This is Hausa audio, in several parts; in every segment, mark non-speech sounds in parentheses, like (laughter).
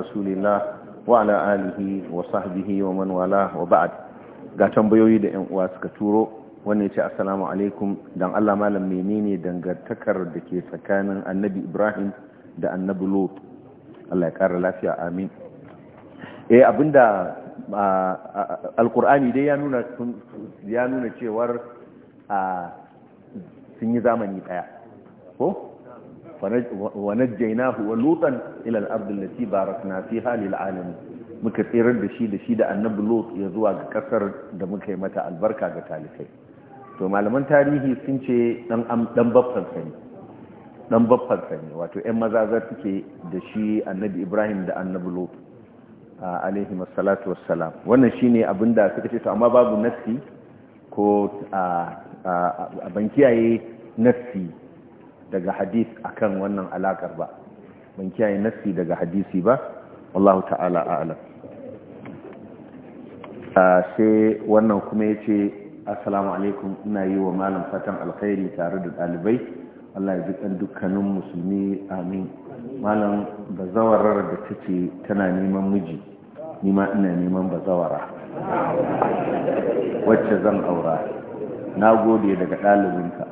رسول الله وعلى آله وصحبه ومن والاه وبعد ga tambayoyi da 'yan uwa suka turo wanda ya ce assalamu alaikum don Allah malam menene dangantakar da ke tsakanin annabi Ibrahim da annabi Lot Allah ya kara lafiya amin eh abinda alkur'ani dai ya nuna ya nuna cewar sun yi zamani daya ko wa najjaynahu wa lutan ila al-ard allati barakna fiha muka tsirar da shi da shi da annabi lut ya zuwa ga kasar da muka yi mata albarka ga talikai to malaman tarihi sun ce dan dan baffan sani dan baffan wato ƴan mazazar suke da shi annabi ibrahim da annabi lut alaihi masallatu wassalam wannan shine da suka ce to amma babu nafsi ko a ban kiyaye nafsi daga hadith akan wannan alakar ba ban kiyaye nassi daga hadisi ba wallahu ta'ala a'lam sai wannan kuma yace assalamu alaikum ina yi wa malam fatan alkhairi tare da dalibai Allah ya ji kan dukkanin musulmi amin malam bazawarar da take tana neman miji ni ma ina neman bazawara wacce zan aura na gode daga ɗalibinka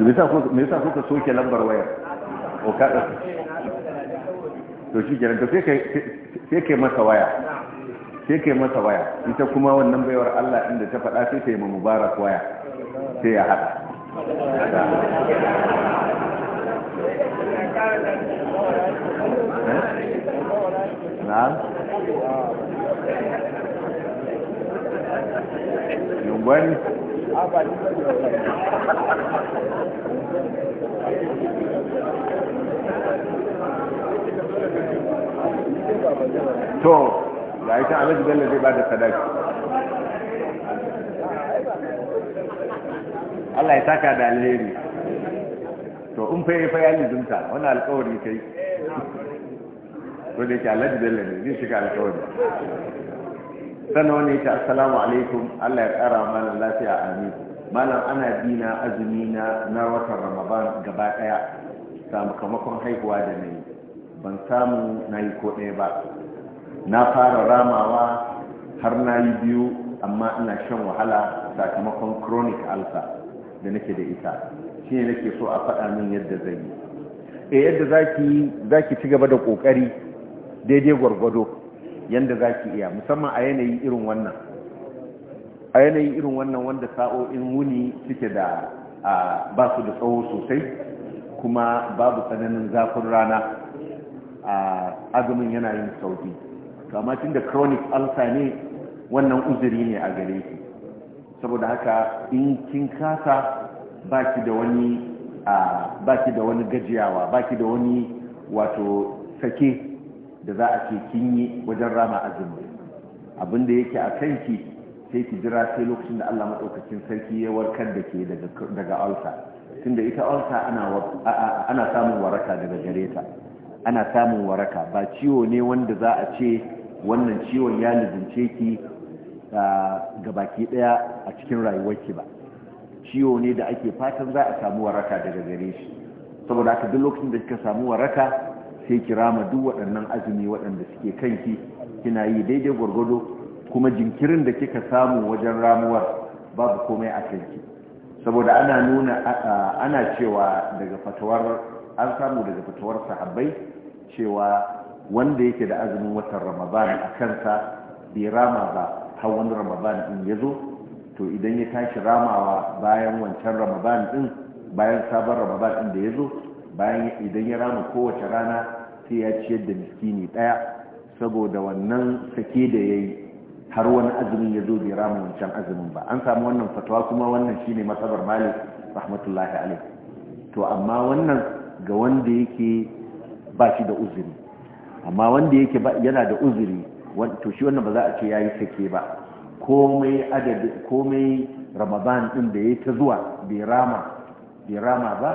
to me yasa kuka soke lambar waya. o ka to shi gidan to sai kai masa waya sai kai masa waya ita kuma wannan baiwar Allah inda ta faɗa sai ta yi ma mubarak waya sai ya haɗa eh? na'am yungwani to ga ita alhaji bello zai ba da sadaki Allah ya saka da alheri to in fa fa ya lizinta wani alkawari kai to da ke alhaji bello ne zai shiga alkawari sannan wani ta, assalamu alaikum Allah ya kara mana lafiya amin malam ana dina azumi na na watan ramadan gaba daya sakamakon haihuwa da ne ban samu nayi ko ɗaya ba na fara ramawa har na yi biyu amma ina shan wahala sakamakon chronic ulcer da nake da ita shi ne nake so a faɗa min yadda zai yi e yadda zaki zaki ci gaba da ƙoƙari daidai gwargwado yanda za ki iya musamman a yanayi irin wannan a yanayi irin wannan wanda sa'o'in wuni suke da ba su da tsawo sosai kuma babu tsananin zafin rana a azumin yana yin sauki kama cin da chronic alsa ne wannan uzuri ne a gare ki saboda haka in kin kasa ki da wani ki da wani gajiyawa ba ki da wani wato sake da za a ce kin yi wajen rama azumi abin da yake a ki sai ki jira sai lokacin da Allah madaukakin sarki ya warkar da ke daga ulcer tunda ita ulcer ana ana samun waraka daga gare ta ana samun waraka ba ciwo ne wanda za a ce wannan ciwon ya lizince ki ga baki daya a cikin rayuwarki ba ciwo ne da ake fatan za a samu waraka daga gare shi saboda haka duk lokacin da kika samu waraka sai ki rama duk waɗannan azumi waɗanda suke kanki kina yi daidai gwargwado kuma jinkirin da kika samu wajen ramuwar babu komai a kanki saboda ana nuna ana cewa daga fatawar an samu daga fatawar sahabbai cewa wanda yake da azumin watan ramadan a kansa bai rama ba har wani ramadan din ya zo to idan ya tashi ramawa bayan wancan ramadan din bayan sabon ramadan din da ya zo bayan idan ya rama kowace rana sai ya ciyar da miskini ɗaya saboda wannan sake da ya yi har wani azumin ya zo bai rama wancan azumin ba an samu wannan fatawa kuma wannan shine matsabar malik rahmatullahi alaihi to amma wannan ga wanda yake ba shi da uzuri amma wanda yake yana da uzuri to shi wannan ba za a ce ya yi sake ba komai adadi komai ramadan din da ya ta zuwa bai rama bai rama ba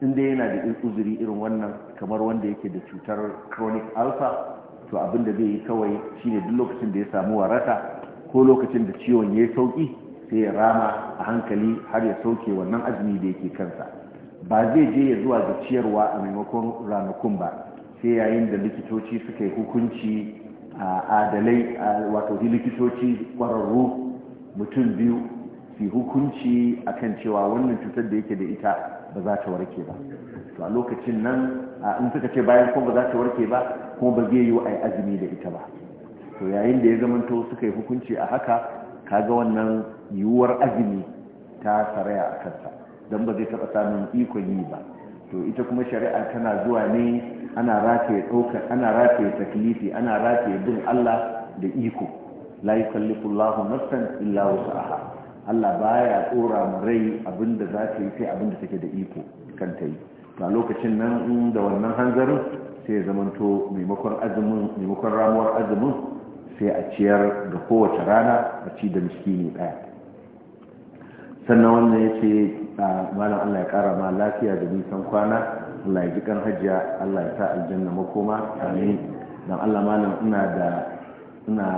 inda yana da uzuri irin wannan kamar wanda yake da cutar chronic alpha to abin da zai yi kawai shine duk lokacin da ya samu warata ko lokacin da ciwon ya sauki sai ya rama a hankali har ya sauke wannan azumi da yake kansa ba zai je ya zuwa ga ciyarwa a maimakon ranakun ba sai yayin da likitoci suka yi hukunci a adalai wato likitoci kwararru mutum biyu su hukunci akan cewa wannan cutar da yake da ita ba za ta warke ba to a lokacin nan in suka ce bayan kuma ba za ta warke ba kuma ba zai yi wa azumi da ita ba to yayin da ya zamanto suka yi hukunci a haka kaga wannan yiwuwar azumi ta saraya a kansa don ba zai taɓa samun ikon yi ba to ita kuma shari'a tana zuwa ne ana rataye ɗaukar ana rataye taklifi ana rataye bin allah da iko la yukallifu allahu nafsan illa allah baya tsora mu rai abinda za ta yi sai abinda take da iko kan ta yi ta lokacin nan da wannan hanzarin sai ya zamanto maimakon azumin maimakon ramuwar azumin sai a ciyar ga kowace rana a ci da ne ɗaya sannan wannan ya ce malam allah ya ƙara ma lafiya da nisan kwana allah ya ji kan hajjiya allah ya sa aljanna makoma amin don allah malam ina da ina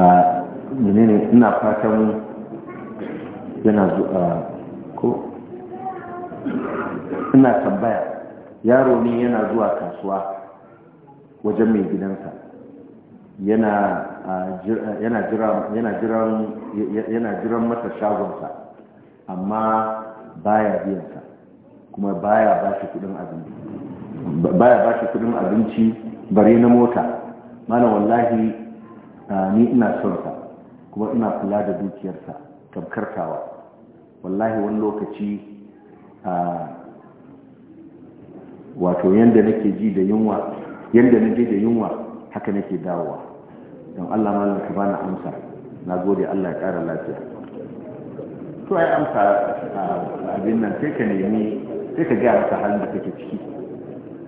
a menene ina fatan yana zuwa ko suna tambaya yaro ne yana zuwa kasuwa wajen mai gidansa yana jiran masa shagonsa amma baya biyansa kuma ba shi kudin abinci baya ba shi kudin abinci bare na mota mana wallahi ni ina sonsa kuma ina kula da dukiyarsa tamkartawa wallahi wani lokaci wato yanda nake ji da yunwa yanda nake da yunwa haka nake dawowa don Allah malam ka bani amsa na gode Allah ya ƙara lafiya to ai amsa abin nan sai ka nemi sai ka gaya ta halin da kake ciki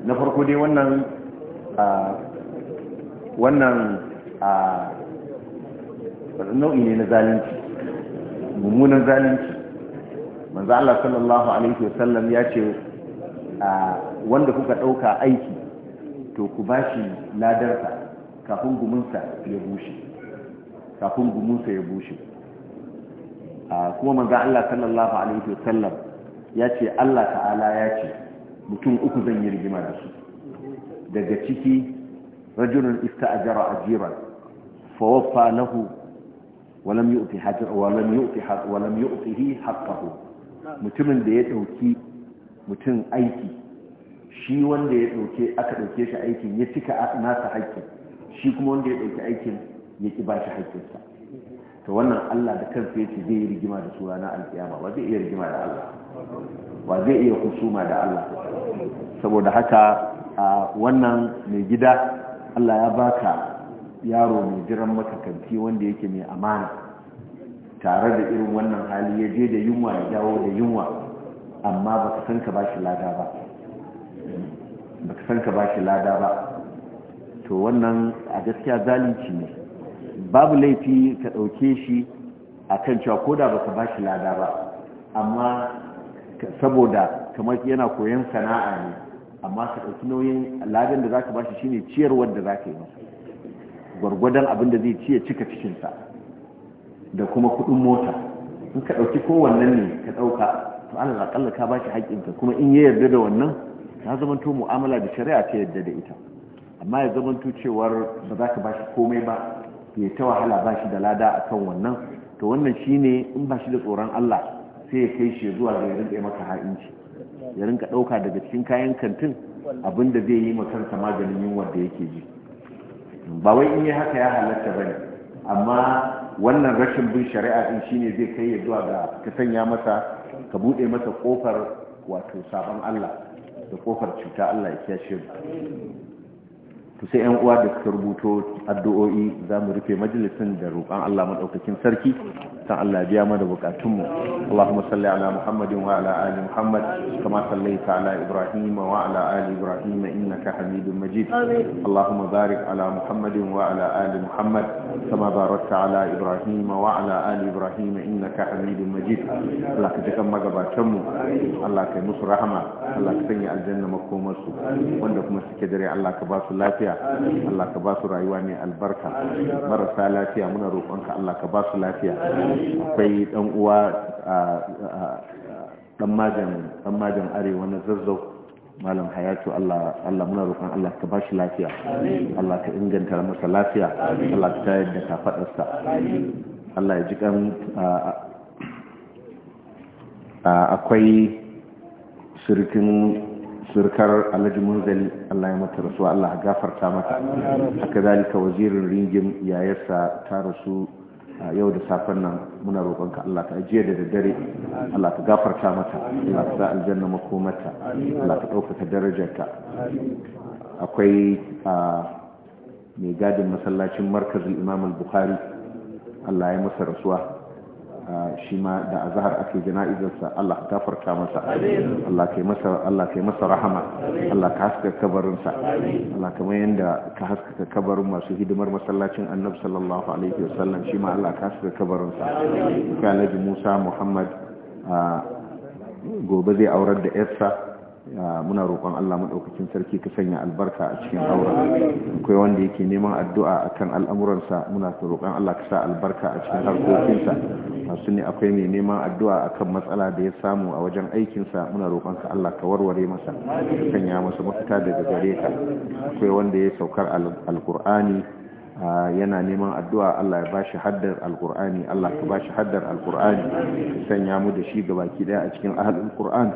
na farko dai wannan wannan nau'i ne na zalunci mummunan zalunci manzo Allah sallallahu alaihi wasallam ya ce wanda kuka ɗauka aiki to ku ba shi ladarsa kafin gumunsa ya bushe kafin gumunsa ya bushe kuma manzan Allah sallallahu alaihi wasallam ya ce Allah ta'ala ya ce mutum uku zan yi rigima da su daga ciki rajulun ista'jara ajiran fa waffa lahu walam mutumin da ya ɗauki. mutum aiki shi wanda ya ɗauke aka ɗauke shi aikin ya cika nasa haƙƙin shi kuma wanda ya ɗauki aikin ya ƙi ba shi haƙƙinsa to wannan Allah da kansa ya zai yi rigima da su ranar alƙiyama ba zai iya rigima da Allah ba zai iya kusuma da Allah saboda haka a wannan mai gida Allah ya baka yaro mai jiran makakanti wanda yake mai amana tare da irin wannan hali ya je da yunwa ya dawo da yunwa amma ba ka san ka ba shi lada ba ba san ka ba shi lada ba to wannan a gaskiya zalunci ne babu laifi ka ɗauke shi a kan cewa ko da ba ka ba shi lada ba amma saboda kamar yana koyon sana'a ne amma ka ɗauki nauyin ladan da za ka ba shi shine ciyarwar da za ka yi masa gwargwadon abin da zai ciye cika cikinsa da kuma kuɗin mota in ka ɗauki kowannen ne ka ɗauka to alal akalla ka bashi haƙƙinka kuma in ya yarda da wannan zama zamanto mu'amala da shari'a ta yarda da ita amma ya zamanto cewar ba za ka bashi komai ba ya ta wahala ba shi da lada akan wannan to wannan shine in bashi da tsoron Allah sai ya kai shi zuwa ga ya maka ha'inci ya rinka ɗauka daga cikin kayan kantin abinda zai yi ma kansa maganin yunwar da yake ji ba wai in yi haka ya halatta ba ne amma wannan rashin bin shari'a din shine zai kai ya zuwa ga ka sanya masa ka bude mata ƙofar wato sabon Allah da ƙofar cuta Allah ya kyashe mu to sai yan uwa da suka rubuto addu'o'i za mu rufe majalisin da roƙon Allah maɗaukakin sarki san Allah biya mana bukatunmu Allahumma salli ala Muhammadin wa ala ali Muhammad kama sallaita ala Ibrahim wa ala ali Ibrahim innaka Hamidum Majid Allahumma barik ala Muhammadin wa ala ali Muhammad kama barakta ala Ibrahim wa ala ali Ibrahim innaka Hamidum Majid Allah ka jikan magabatanmu Allah ka yi musu rahama Allah ka sanya aljanna makomarsu wanda kuma suke dare Allah ka ba su lafiya Allah ka ba su rayuwa mai albarka marasa lafiya muna roƙonka Allah ka ba su lafiya akwai dan uwa dan majan dan majan arewa na zazzau malam hayatu Allah Allah muna roƙon Allah ka ba shi lafiya Allah ka inganta masa lafiya Allah ka tayar da kafadarsa Allah ya ji kan akwai shirkin surkar alhaji munzali Allah ya mata rasuwa Allah ya gafarta mata haka zalika wazirin ringin yayarsa ta rasu yau da safen nan muna roƙonka Allah ka ajiye da daddare Allah ka gafarta mata Allah ka sa aljanna makomata Allah ka ɗaukaka darajarta akwai mai gadin masallacin markazin imam al-bukhari Allah ya masa rasuwa shi ma da azahar ake jana'izarsa Allah ta farka masa Allah kai masa Allah yi masa rahama Allah ka haska kabarinsa Allah kamar yanda ka haska kabarin masu hidimar masallacin Annabi sallallahu alaihi wasallam shi ma Allah ka haska kabarinsa ka Musa Muhammad gobe zai aurar da yarsa muna roƙon Allah maɗaukakin sarki ka sanya albarka a cikin aure. akwai wanda yake neman addu'a akan al'amuransa muna roƙon Allah ka sa albarka a cikin harkokinsa masu ne akwai mai neman addu'a akan matsala da ya samu a wajen aikinsa muna roƙon ka Allah ka warware masa ka sanya masa mafita daga gare ka akwai wanda ya saukar Alƙur'ani. yana neman addu'a Allah ya bashi haddar alkur'ani Allah ka bashi haddar alkur'ani sanya mu da shi ga baki daya a cikin ahlul qur'an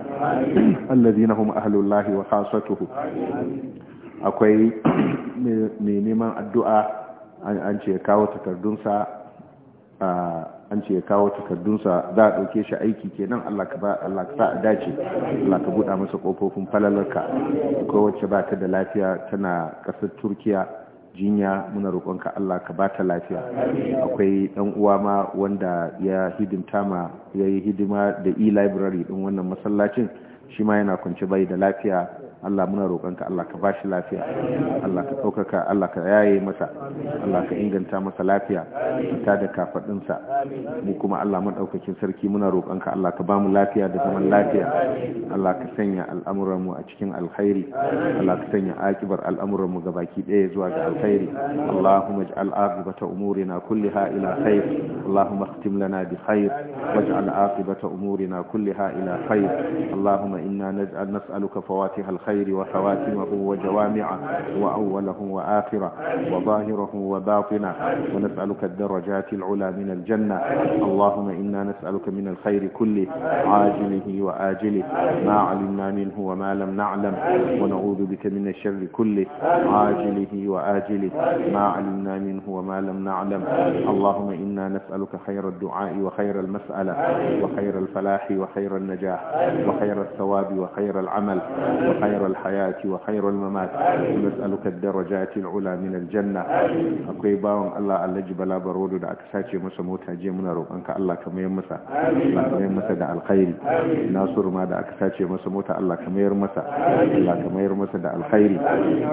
(clears throat) allazina hum ahlullahi wa khassatuhu akwai (clears throat) mai neman addu'a an ce ya kawo takardunsa an ce kawo takardunsa za a ɗauke shi aiki kenan Allah ka Allah sa a dace Allah ka buɗa masa ƙofofin falalarka akwai wacce ba ta da lafiya tana ƙasar Turkiya jinya muna roƙonka Allah ka bata lafiya akwai ɗan uwa ma wanda ya hidimta ma ya yi hidima da e-library ɗin wannan masallacin shi ma yana kwance bai da lafiya Allah muna roƙonka Allah ka bashi lafiya Allah ka ɗaukaka Allah ka yaye masa Allah ka inganta masa lafiya ta da kafaɗinsa mu kuma Allah maɗaukakin sarki muna roƙonka Allah ka bamu lafiya da zaman lafiya Allah ka sanya al'amuran mu a cikin alkhairi Allah ka sanya akibar al'amuran mu baki ɗaya zuwa ga alkhairi Allahumma ij'al aqibata umurina kulliha ila khair Allahumma ikhtim lana bi khair waj'al aqibata umurina kulliha ila khair Allahumma inna naj'al nas'aluka fawatiha al الخير وخواتمه وجوامعه وأوله وآخره وظاهره وباطنه ونسألك الدرجات العلى من الجنة اللهم إنا نسألك من الخير كله عاجله وآجله ما علمنا منه وما لم نعلم ونعوذ بك من الشر كله عاجله وآجله ما علمنا منه وما لم نعلم اللهم إنا نسألك خير الدعاء وخير المسألة وخير الفلاح وخير النجاح وخير الثواب وخير العمل وخير خير الحياة وخير الممات ونسألك الدرجات العلى من الجنة akwai bawan Allah Alhaji Bala Barodo da aka ma da aka sace masa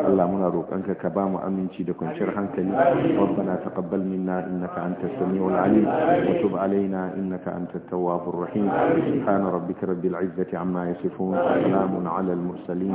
mota Allah aminci da kwanciyar hankali ربنا تقبل منا إنك أنت السميع العليم وتب علينا إنك أنت التواب الرحيم سبحان ربك رب العزة عما يصفون سلام على المرسلين